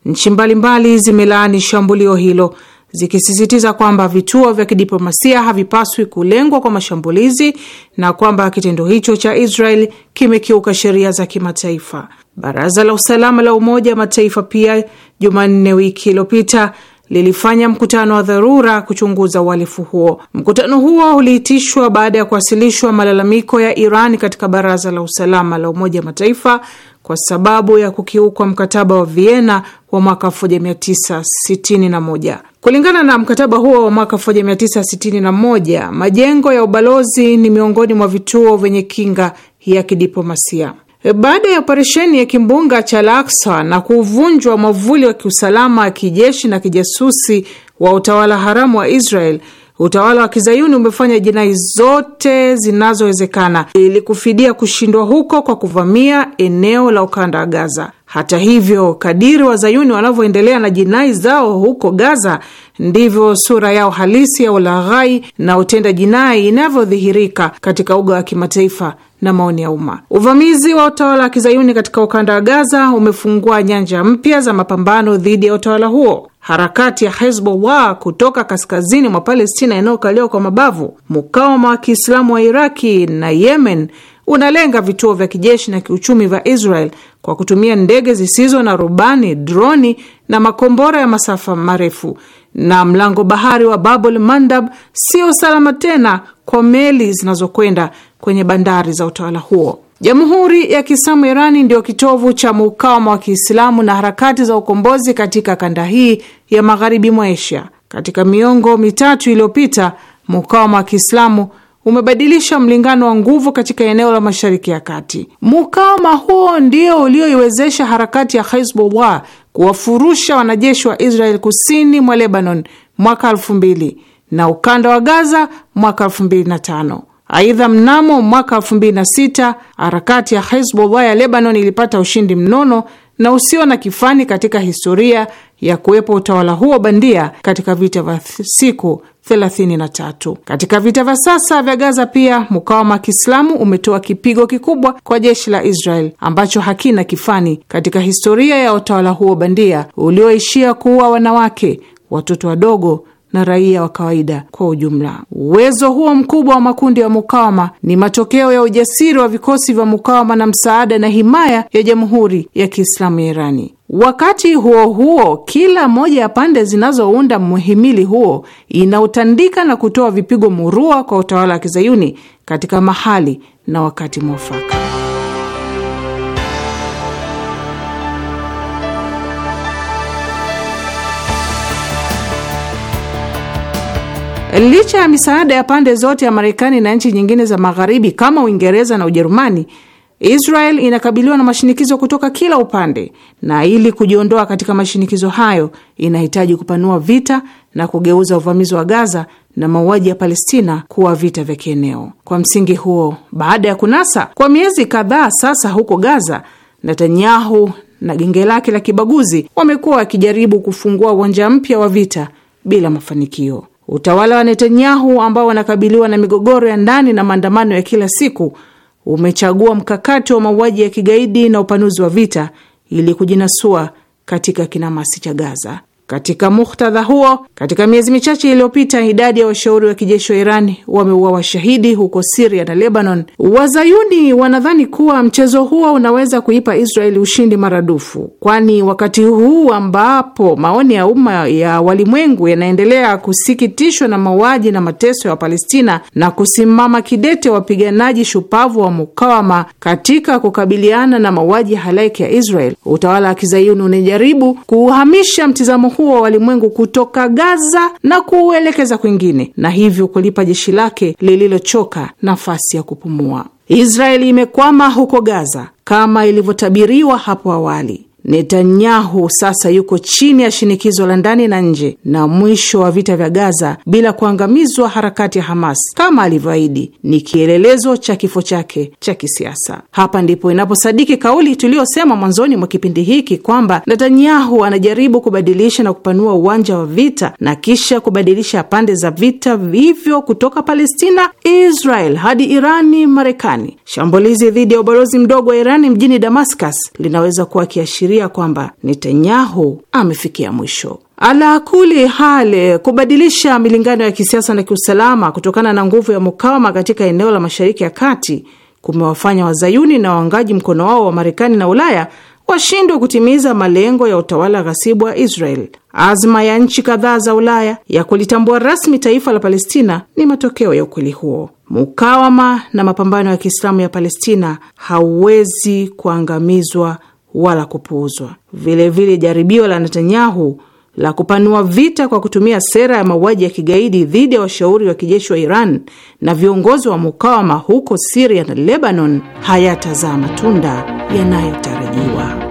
Nchi mbalimbali zimelaani shambulio hilo zikisisitiza kwamba vituo vya kidiplomasia havipaswi kulengwa kwa mashambulizi na kwamba kitendo hicho cha Israel kimekiuka sheria za kimataifa. Baraza la usalama la Umoja wa Mataifa pia Jumanne wiki iliyopita lilifanya mkutano wa dharura kuchunguza uhalifu huo. Mkutano huo uliitishwa baada ya kuwasilishwa malalamiko ya Iran katika Baraza la Usalama la Umoja wa Mataifa kwa sababu ya kukiukwa mkataba wa Vienna wa mwaka 1961. Kulingana na mkataba huo wa mwaka 1961, majengo ya ubalozi ni miongoni mwa vituo vyenye kinga ya kidiplomasia. Baada ya operesheni ya kimbunga cha Al-Aqsa na kuvunjwa mwavuli wa kiusalama kijeshi na kijasusi wa utawala haramu wa Israel, utawala wa kizayuni umefanya jinai zote zinazowezekana ili kufidia kushindwa huko kwa kuvamia eneo la ukanda wa Gaza. Hata hivyo, kadiri wazayuni wanavyoendelea na jinai zao huko Gaza, ndivyo sura yao halisi ya ulaghai na utenda jinai inavyodhihirika katika uga wa kimataifa na maoni ya umma. Uvamizi wa utawala wa kizayuni katika ukanda wa Gaza umefungua nyanja mpya za mapambano dhidi ya utawala huo. Harakati ya Hezbollah kutoka kaskazini mwa Palestina inayokaliwa kwa mabavu, mukawama wa Kiislamu wa Iraki na Yemen unalenga vituo vya kijeshi na kiuchumi vya Israel kwa kutumia ndege zisizo na rubani, droni na makombora ya masafa marefu na mlango bahari wa Babul Mandab sio salama tena kwa meli zinazokwenda kwenye bandari za utawala huo. Jamhuri ya Kiislamu Irani ndio kitovu cha mukawama wa Kiislamu na harakati za ukombozi katika kanda hii ya magharibi mwa Asia. Katika miongo mitatu iliyopita, mukawama wa Kiislamu umebadilisha mlingano wa nguvu katika eneo la Mashariki ya Kati. Mukawama huo ndio ulioiwezesha harakati ya Hezbollah kuwafurusha wanajeshi wa Israel kusini mwa Lebanon mwaka elfu mbili na ukanda wa Gaza mwaka elfu mbili na tano. Aidha, mnamo mwaka elfu mbili na sita harakati ya Hezbollah ya Lebanon ilipata ushindi mnono na usio na kifani katika historia ya kuwepo utawala huo bandia katika vita vya siku 33. Katika vita vya sasa vya Gaza pia mukawama wa Kiislamu umetoa kipigo kikubwa kwa jeshi la Israel ambacho hakina kifani katika historia ya utawala huo bandia ulioishia kuua wanawake, watoto wadogo na raia wa kawaida kwa ujumla. Uwezo huo mkubwa wa makundi ya mukawama ni matokeo ya ujasiri wa vikosi vya mukawama na msaada na himaya ya Jamhuri ya Kiislamu ya Irani. Wakati huo huo, kila moja ya pande zinazounda muhimili huo inautandika na kutoa vipigo murua kwa utawala wa kizayuni katika mahali na wakati mwafaka. Licha ya misaada ya pande zote ya Marekani na nchi nyingine za Magharibi kama Uingereza na Ujerumani Israel inakabiliwa na mashinikizo kutoka kila upande, na ili kujiondoa katika mashinikizo hayo inahitaji kupanua vita na kugeuza uvamizi wa Gaza na mauaji ya Palestina kuwa vita vya kieneo. Kwa msingi huo, baada ya kunasa kwa miezi kadhaa sasa huko Gaza, Netanyahu na genge lake la kibaguzi wamekuwa wakijaribu kufungua uwanja mpya wa vita bila mafanikio. Utawala wa Netanyahu ambao wanakabiliwa na migogoro ya ndani na maandamano ya kila siku umechagua mkakati wa mauaji ya kigaidi na upanuzi wa vita ili kujinasua katika kinamasi cha Gaza. Katika muktadha huo, katika miezi michache iliyopita, idadi ya washauri wa kijeshi wa Iran wameua washahidi huko Siria na Lebanon. Wazayuni wanadhani kuwa mchezo huo unaweza kuipa Israeli ushindi maradufu, kwani wakati huu ambapo maoni ya umma ya walimwengu yanaendelea kusikitishwa na mauaji na mateso ya Wapalestina na kusimama kidete wapiganaji shupavu wa mukawama katika kukabiliana na mauaji halaiki ya Israel, utawala wa kizayuni unajaribu kuhamisha mtizamo huo wa walimwengu kutoka Gaza na kuuelekeza kwingine, na hivyo kulipa jeshi lake lililochoka nafasi ya kupumua. Israeli imekwama huko Gaza kama ilivyotabiriwa hapo awali. Netanyahu sasa yuko chini ya shinikizo la ndani na nje na mwisho wa vita vya Gaza bila kuangamizwa harakati ya Hamas kama alivyoahidi ni kielelezo cha kifo chake cha kisiasa. Hapa ndipo inaposadiki kauli tuliyosema mwanzoni mwa kipindi hiki kwamba Netanyahu anajaribu kubadilisha na kupanua uwanja wa vita na kisha kubadilisha pande za vita hivyo kutoka Palestina, Israel hadi Irani, Marekani. Shambulizi dhidi ya ubalozi mdogo wa Irani mjini Damascus linaweza kuwa kiashiria kuashiria kwamba Netanyahu amefikia mwisho. Ala kuli hali, kubadilisha milingano ya kisiasa na kiusalama kutokana na nguvu ya mukawama katika eneo la Mashariki ya Kati kumewafanya wazayuni na waungaji mkono wao wa Marekani na Ulaya washindwe kutimiza malengo ya utawala ghasibu wa Israel. Azma ya nchi kadhaa za Ulaya ya kulitambua rasmi taifa la Palestina ni matokeo ya ukweli huo. Mukawama na mapambano ya Kiislamu ya Palestina hauwezi kuangamizwa wala kupuuzwa. Vilevile, jaribio la Netanyahu la kupanua vita kwa kutumia sera ya mauaji ya kigaidi dhidi ya washauri wa kijeshi wa Iran na viongozi wa mukawama huko Siria na Lebanon hayatazaa matunda yanayotarajiwa.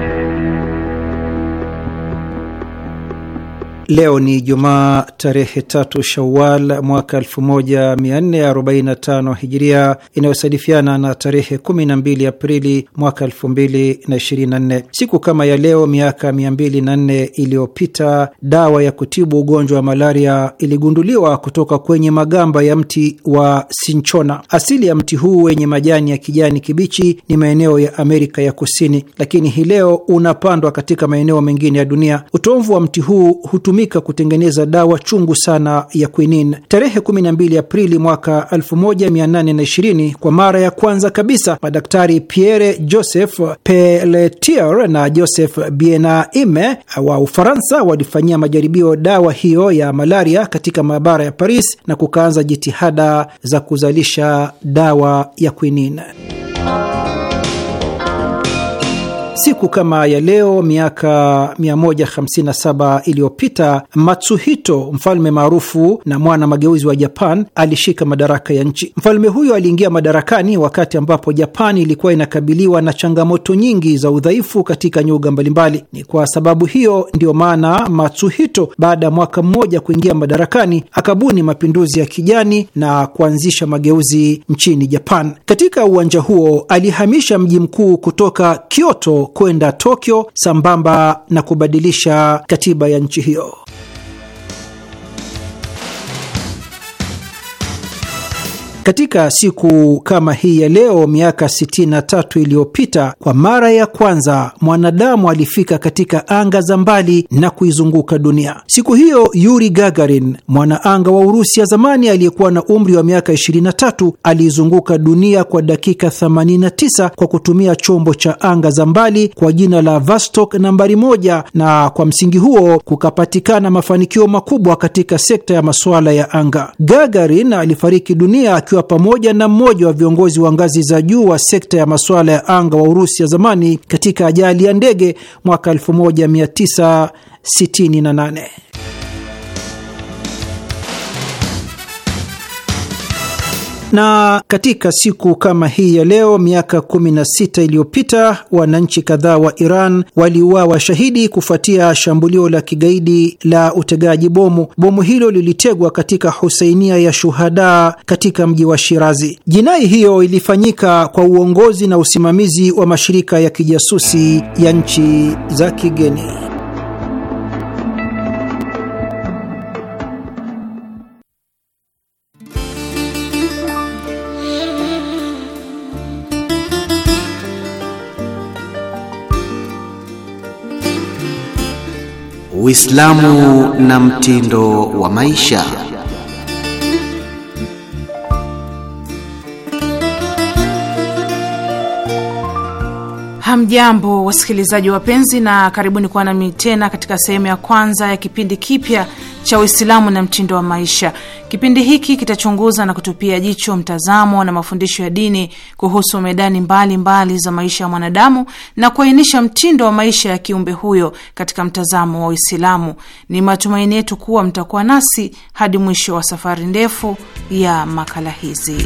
Leo ni Jumaa tarehe tatu Shawal mwaka 1445 Hijiria, inayosadifiana na tarehe 12 Aprili mwaka 2024. Siku kama ya leo miaka 204 iliyopita dawa ya kutibu ugonjwa wa malaria iligunduliwa kutoka kwenye magamba ya mti wa Sinchona. Asili ya mti huu wenye majani ya kijani kibichi ni maeneo ya Amerika ya Kusini, lakini hii leo unapandwa katika maeneo mengine ya dunia. Utomvu wa mti huu hutumika ilitumika kutengeneza dawa chungu sana ya quinin. Tarehe 12 Aprili mwaka 1820, kwa mara ya kwanza kabisa madaktari Pierre Joseph Pelletier na Joseph Bienaime wa Ufaransa walifanyia majaribio dawa hiyo ya malaria katika maabara ya Paris na kukaanza jitihada za kuzalisha dawa ya quinin. Siku kama ya leo miaka 157 iliyopita Matsuhito, mfalme maarufu na mwana mageuzi wa Japan, alishika madaraka ya nchi. Mfalme huyo aliingia madarakani wakati ambapo Japan ilikuwa inakabiliwa na changamoto nyingi za udhaifu katika nyuga mbalimbali. Ni kwa sababu hiyo ndiyo maana Matsuhito baada ya mwaka mmoja kuingia madarakani akabuni mapinduzi ya kijani na kuanzisha mageuzi nchini Japan. Katika uwanja huo alihamisha mji mkuu kutoka Kyoto kwenda Tokyo sambamba na kubadilisha katiba ya nchi hiyo. Katika siku kama hii ya leo miaka 63 iliyopita, kwa mara ya kwanza mwanadamu alifika katika anga za mbali na kuizunguka dunia. Siku hiyo Yuri Gagarin, mwanaanga wa Urusi ya zamani aliyekuwa na umri wa miaka 23, aliizunguka dunia kwa dakika 89 kwa kutumia chombo cha anga za mbali kwa jina la Vostok nambari moja, na kwa msingi huo kukapatikana mafanikio makubwa katika sekta ya masuala ya anga. Gagarin alifariki dunia akiwa pamoja na mmoja wa viongozi wa ngazi za juu wa sekta ya masuala ya anga wa Urusi ya zamani katika ajali ya ndege mwaka 1968. Na katika siku kama hii ya leo miaka 16 iliyopita wananchi kadhaa wa Iran waliuawa shahidi kufuatia shambulio la kigaidi la utegaji bomu. Bomu hilo lilitegwa katika husainia ya shuhada katika mji wa Shirazi. Jinai hiyo ilifanyika kwa uongozi na usimamizi wa mashirika ya kijasusi ya nchi za kigeni. Uislamu na mtindo wa maisha. Hamjambo wasikilizaji wapenzi, na karibuni kuwa nami tena katika sehemu ya kwanza ya kipindi kipya cha Uislamu na mtindo wa maisha. Kipindi hiki kitachunguza na kutupia jicho mtazamo na mafundisho ya dini kuhusu medani mbalimbali mbali za maisha ya mwanadamu na kuainisha mtindo wa maisha ya kiumbe huyo katika mtazamo wa Uislamu. Ni matumaini yetu kuwa mtakuwa nasi hadi mwisho wa safari ndefu ya makala hizi.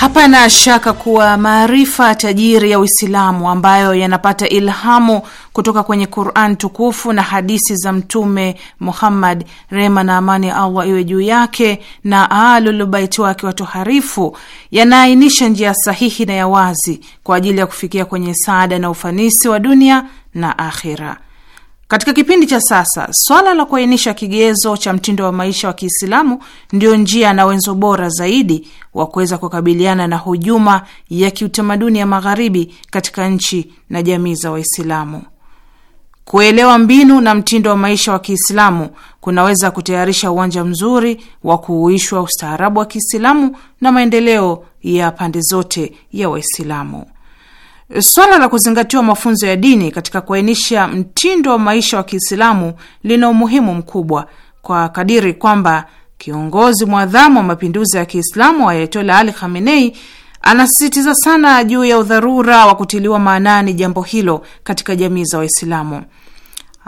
Hapana shaka kuwa maarifa tajiri ya Uislamu ambayo yanapata ilhamu kutoka kwenye Quran tukufu na hadisi za Mtume Muhammad, rehma na amani ya Allah iwe juu yake na alulubaiti wake watoharifu, yanaainisha njia sahihi na ya wazi kwa ajili ya kufikia kwenye saada na ufanisi wa dunia na akhira. Katika kipindi cha sasa, swala la kuainisha kigezo cha mtindo wa maisha wa Kiislamu ndio njia na wenzo bora zaidi wa kuweza kukabiliana na hujuma ya kiutamaduni ya Magharibi katika nchi na jamii za Waislamu. Kuelewa mbinu na mtindo wa maisha wa Kiislamu kunaweza kutayarisha uwanja mzuri wa kuuishwa ustaarabu wa Kiislamu na maendeleo ya pande zote ya Waislamu. Swala la kuzingatiwa mafunzo ya dini katika kuainisha mtindo wa maisha wa Kiislamu lina umuhimu mkubwa kwa kadiri kwamba kiongozi mwadhamu wa mapinduzi ya Kiislamu Ayatola Ali Khamenei anasisitiza sana juu ya udharura wa kutiliwa maanani jambo hilo katika jamii za Waislamu.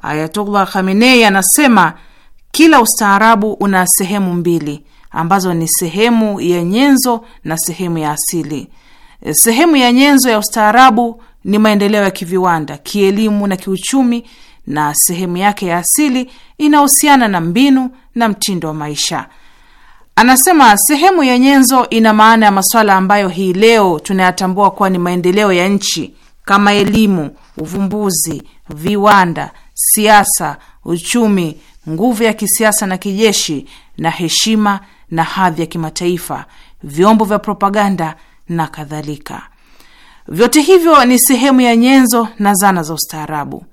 Ayatollah Khamenei anasema kila ustaarabu una sehemu mbili ambazo ni sehemu ya nyenzo na sehemu ya asili. E, sehemu ya nyenzo ya ustaarabu ni maendeleo ya kiviwanda, kielimu na kiuchumi, na sehemu yake ya asili inahusiana na mbinu na mtindo wa maisha. Anasema sehemu ya nyenzo ina maana ya masuala ambayo hii leo tunayatambua kuwa ni maendeleo ya nchi kama elimu, uvumbuzi, viwanda, siasa, uchumi, nguvu ya kisiasa na kijeshi, na heshima na hadhi ya kimataifa, vyombo vya propaganda na kadhalika. Vyote hivyo ni sehemu ya nyenzo na zana za ustaarabu,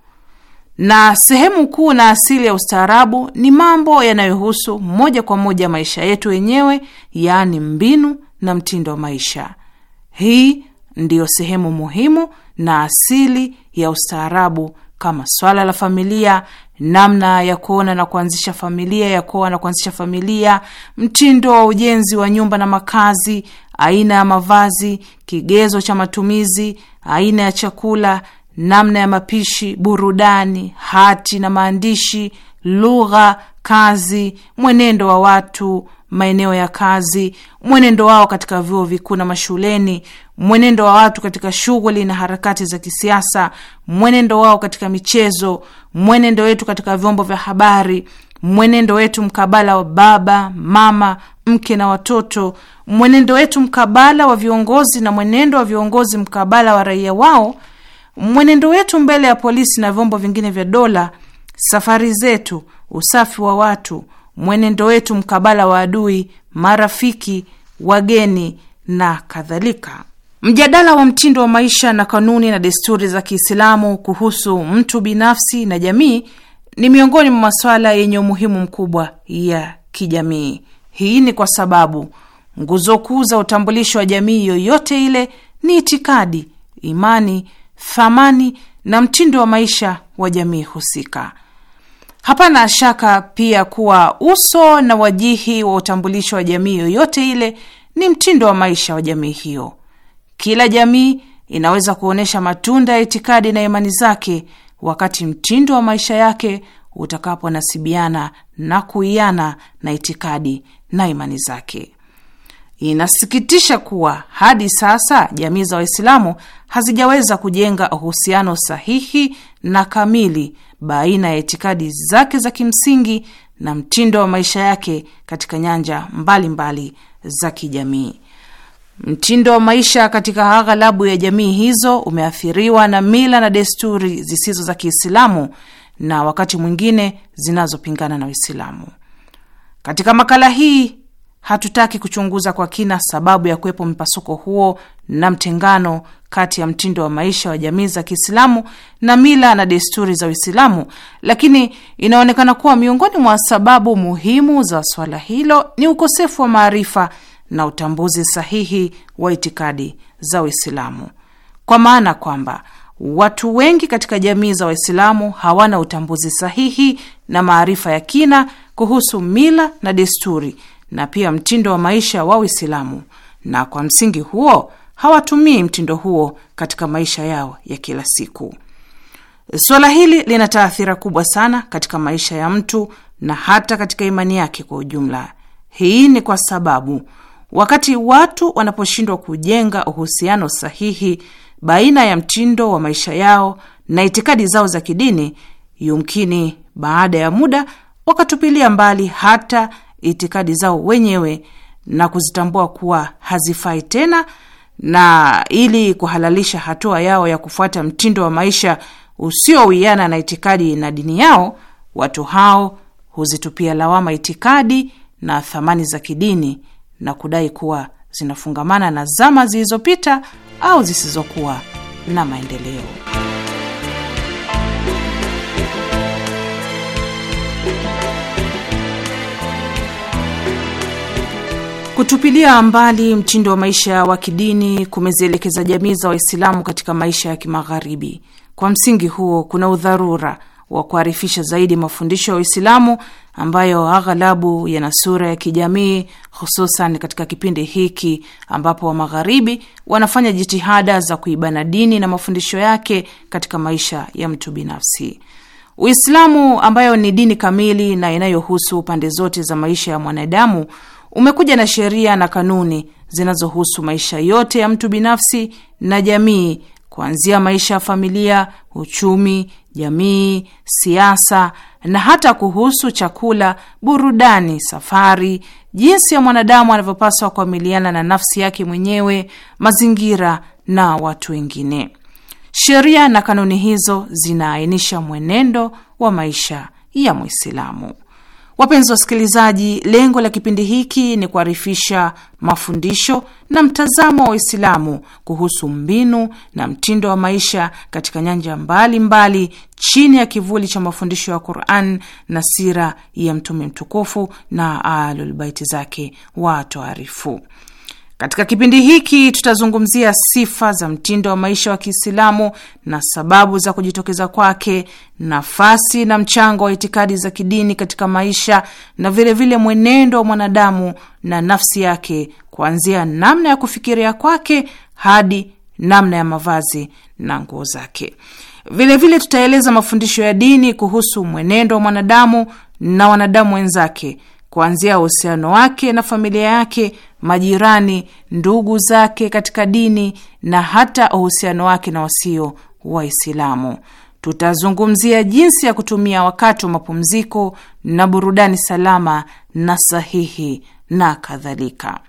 na sehemu kuu na asili ya ustaarabu ni mambo yanayohusu moja kwa moja maisha yetu yenyewe yaani mbinu na mtindo wa maisha. Hii ndiyo sehemu muhimu na asili ya ustaarabu, kama swala la familia, namna ya kuona na kuanzisha familia, ya kuoa na kuanzisha familia, mtindo wa ujenzi wa nyumba na makazi, aina ya mavazi, kigezo cha matumizi, aina ya chakula, namna ya mapishi, burudani, hati na maandishi, lugha, kazi, mwenendo wa watu, maeneo ya kazi, mwenendo wao katika vyuo vikuu na mashuleni, mwenendo wa watu katika shughuli na harakati za kisiasa, mwenendo wao katika michezo, mwenendo wetu katika vyombo vya habari mwenendo wetu mkabala wa baba, mama, mke na watoto, mwenendo wetu mkabala wa viongozi na mwenendo wa viongozi mkabala wa raia wao, mwenendo wetu mbele ya polisi na vyombo vingine vya dola, safari zetu, usafi wa watu, mwenendo wetu mkabala wa adui, marafiki, wageni na kadhalika. Mjadala wa mtindo wa maisha na kanuni na desturi za Kiislamu kuhusu mtu binafsi na jamii ni miongoni mwa masuala yenye umuhimu mkubwa ya kijamii. Hii ni kwa sababu nguzo kuu za utambulisho wa jamii yoyote ile ni itikadi, imani, thamani na mtindo wa maisha wa jamii husika. Hapana shaka pia kuwa uso na wajihi wa utambulisho wa jamii yoyote ile ni mtindo wa maisha wa jamii hiyo. Kila jamii inaweza kuonyesha matunda ya itikadi na imani zake wakati mtindo wa maisha yake utakaponasibiana na kuiana na itikadi na imani zake. Inasikitisha kuwa hadi sasa jamii za Waislamu hazijaweza kujenga uhusiano sahihi na kamili baina ya itikadi zake za kimsingi na mtindo wa maisha yake katika nyanja mbalimbali za kijamii. Mtindo wa maisha katika aghalabu ya jamii hizo umeathiriwa na mila na desturi zisizo za Kiislamu na wakati mwingine zinazopingana na Uislamu. Katika makala hii hatutaki kuchunguza kwa kina sababu ya kuwepo mpasuko huo na mtengano kati ya mtindo wa maisha wa jamii za Kiislamu na mila na desturi za Uislamu, lakini inaonekana kuwa miongoni mwa sababu muhimu za swala hilo ni ukosefu wa maarifa na utambuzi sahihi wa itikadi za Uislamu, kwa maana kwamba watu wengi katika jamii za Waislamu hawana utambuzi sahihi na maarifa ya kina kuhusu mila na desturi na pia mtindo wa maisha wa Uislamu, na kwa msingi huo hawatumii mtindo huo katika maisha yao ya kila siku. Suala hili lina taathira kubwa sana katika maisha ya mtu na hata katika imani yake kwa ujumla. Hii ni kwa sababu Wakati watu wanaposhindwa kujenga uhusiano sahihi baina ya mtindo wa maisha yao na itikadi zao za kidini, yumkini baada ya muda wakatupilia mbali hata itikadi zao wenyewe na kuzitambua kuwa hazifai tena, na ili kuhalalisha hatua yao ya kufuata mtindo wa maisha usiowiana na itikadi na dini yao, watu hao huzitupia lawama itikadi na thamani za kidini na kudai kuwa zinafungamana na zama zilizopita au zisizokuwa na maendeleo. Kutupilia mbali mtindo wa maisha wa kidini kumezielekeza jamii za Waislamu katika maisha ya kimagharibi. Kwa msingi huo, kuna udharura wa kuharifisha zaidi mafundisho ya Uislamu ambayo aghalabu yana sura ya kijamii, hususan katika kipindi hiki ambapo wa Magharibi wanafanya jitihada za kuibana dini na mafundisho yake katika maisha ya mtu binafsi. Uislamu ambayo ni dini kamili na inayohusu pande zote za maisha ya mwanadamu umekuja na sheria na kanuni zinazohusu maisha yote ya mtu binafsi na jamii, kuanzia maisha ya familia, uchumi, jamii, siasa na hata kuhusu chakula, burudani, safari, jinsi ya mwanadamu anavyopaswa kuamiliana na nafsi yake mwenyewe, mazingira na watu wengine. Sheria na kanuni hizo zinaainisha mwenendo wa maisha ya Mwislamu. Wapenzi wasikilizaji, lengo la kipindi hiki ni kuharifisha mafundisho na mtazamo wa Uislamu kuhusu mbinu na mtindo wa maisha katika nyanja mbalimbali mbali, chini ya kivuli cha mafundisho ya Quran na sira ya Mtume mtukufu na Alulbaiti zake watoarifu. Katika kipindi hiki tutazungumzia sifa za mtindo wa maisha wa Kiislamu na sababu za kujitokeza kwake, nafasi na mchango wa itikadi za kidini katika maisha na vilevile vile mwenendo wa mwanadamu na nafsi yake, kuanzia namna ya kufikiria kwake hadi namna ya mavazi na nguo zake. Vilevile tutaeleza mafundisho ya dini kuhusu mwenendo wa mwanadamu na wanadamu wenzake kuanzia uhusiano wake na familia yake, majirani, ndugu zake katika dini na hata uhusiano wake na wasio Waislamu. Tutazungumzia jinsi ya kutumia wakati wa mapumziko na burudani salama na sahihi na kadhalika.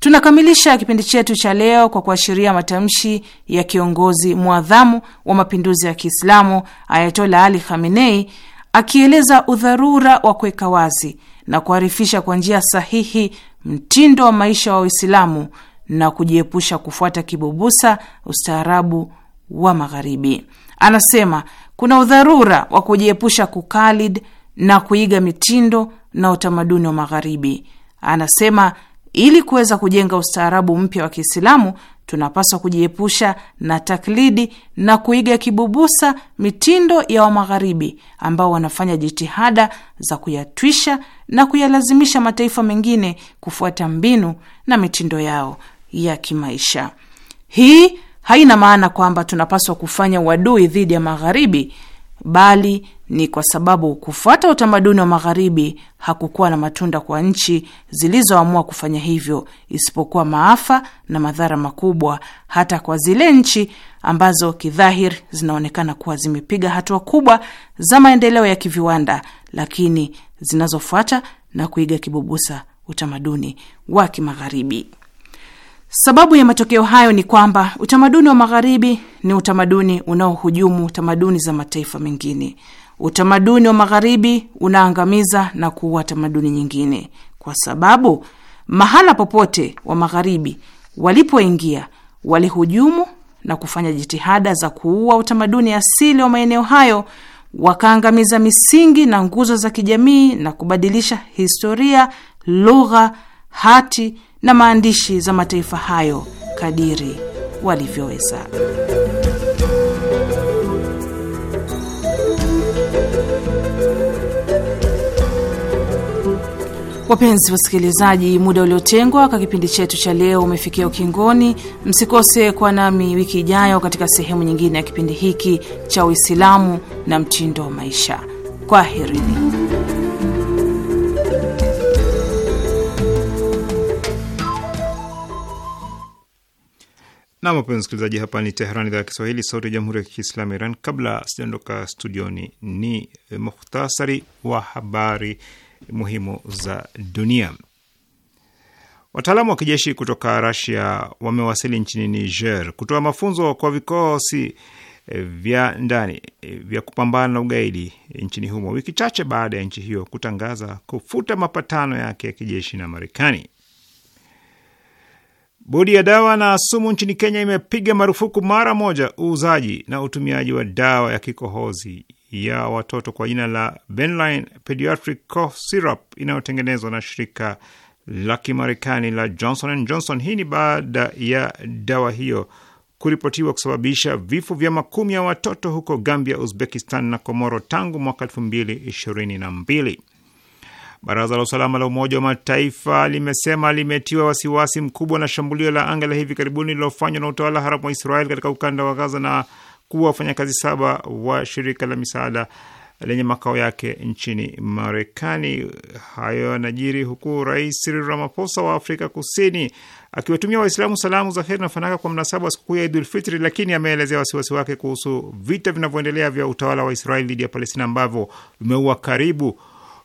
Tunakamilisha kipindi chetu cha leo kwa kuashiria matamshi ya kiongozi mwadhamu wa mapinduzi ya Kiislamu Ayatola Ali Khamenei akieleza udharura wa kuweka wazi na kuharifisha kwa njia sahihi mtindo wa maisha wa Uislamu na kujiepusha kufuata kibubusa ustaarabu wa Magharibi. Anasema kuna udharura wa kujiepusha kukalid na kuiga mitindo na utamaduni wa Magharibi. Anasema ili kuweza kujenga ustaarabu mpya wa Kiislamu tunapaswa kujiepusha na taklidi na kuiga kibubusa mitindo ya Wamagharibi ambao wanafanya jitihada za kuyatwisha na kuyalazimisha mataifa mengine kufuata mbinu na mitindo yao ya kimaisha. Hii haina maana kwamba tunapaswa kufanya uadui dhidi ya Magharibi, bali ni kwa sababu kufuata utamaduni wa magharibi hakukuwa na matunda kwa nchi zilizoamua kufanya hivyo, isipokuwa maafa na madhara makubwa, hata kwa zile nchi ambazo kidhahiri zinaonekana kuwa zimepiga hatua kubwa za maendeleo ya kiviwanda, lakini zinazofuata na kuiga kibubusa utamaduni wa kimagharibi. Sababu ya matokeo hayo ni kwamba utamaduni wa magharibi ni utamaduni unaohujumu tamaduni za mataifa mengine. Utamaduni wa magharibi unaangamiza na kuua tamaduni nyingine, kwa sababu mahala popote wa magharibi walipoingia walihujumu na kufanya jitihada za kuua utamaduni asili wa maeneo hayo, wakaangamiza misingi na nguzo za kijamii na kubadilisha historia, lugha, hati na maandishi za mataifa hayo kadiri walivyoweza. Wapenzi wasikilizaji, muda uliotengwa kwa kipindi chetu cha leo umefikia ukingoni. Msikose kwa nami wiki ijayo katika sehemu nyingine ya kipindi hiki cha Uislamu na mtindo wa maisha. Kwaherini. Nam, wapenzi msikilizaji, hapa ni Teheran, idhaa ya Kiswahili, sauti ya jamhuri ya kiislamu ya Iran. Kabla sijaondoka studioni, ni muhtasari wa habari muhimu za dunia. Wataalamu wa kijeshi kutoka Rasia wamewasili nchini Niger kutoa mafunzo kwa vikosi eh, vya ndani eh, vya kupambana na ugaidi nchini humo, wiki chache baada ya nchi hiyo kutangaza kufuta mapatano yake ya kijeshi na Marekani. Bodi ya dawa na sumu nchini Kenya imepiga marufuku mara moja uuzaji na utumiaji wa dawa ya kikohozi ya watoto kwa jina la Benline Pediatric Cough Syrup inayotengenezwa na shirika la Kimarekani la Johnson and Johnson. Hii ni baada ya dawa hiyo kuripotiwa kusababisha vifo vya makumi ya watoto huko Gambia, Uzbekistan na Komoro tangu mwaka elfu mbili ishirini na mbili. Baraza la usalama la Umoja wa Mataifa limesema limetiwa wasiwasi mkubwa na shambulio la anga la hivi karibuni lililofanywa na utawala haramu wa Israeli katika ukanda wa Gaza na kuwa wafanyakazi saba wa shirika la misaada lenye makao yake nchini Marekani. Hayo yanajiri huku Rais Cyril Ramaphosa wa Afrika Kusini akiwatumia Waislamu salamu za heri na fanaka kwa mnasaba wa sikukuu ya Idul Fitri, lakini ameelezea wasiwasi wake kuhusu vita vinavyoendelea vya utawala wa Israeli dhidi ya Palestina ambavyo vimeua karibu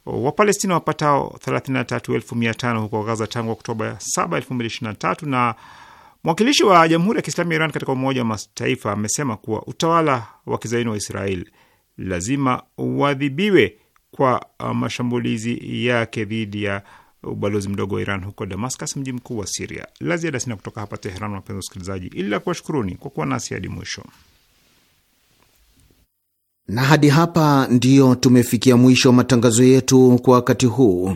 Wapalestina wapatao 33,500 huko Gaza tangu Oktoba 7, 2023 na Mwakilishi wa Jamhuri ya Kiislamu ya Iran katika Umoja wa Mataifa amesema kuwa utawala wa kizaini wa Israel lazima uadhibiwe kwa uh, mashambulizi yake dhidi ya ubalozi mdogo wa Iran huko Damascus, mji mkuu wa Siria. La ziada sina kutoka hapa Teheran, wapenzi wasikilizaji, ila kuwashukuruni kwa kuwa nasi hadi mwisho. Na hadi hapa ndiyo tumefikia mwisho wa matangazo yetu kwa wakati huu.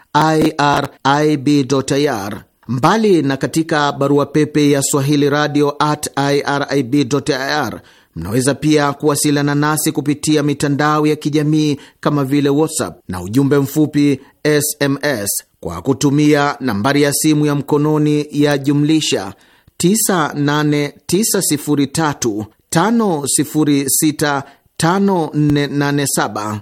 irib.ir, mbali na katika barua pepe ya swahili radio at irib.ir. Mnaweza pia kuwasiliana nasi kupitia mitandao ya kijamii kama vile WhatsApp na ujumbe mfupi SMS kwa kutumia nambari ya simu ya mkononi ya jumlisha 989035065487.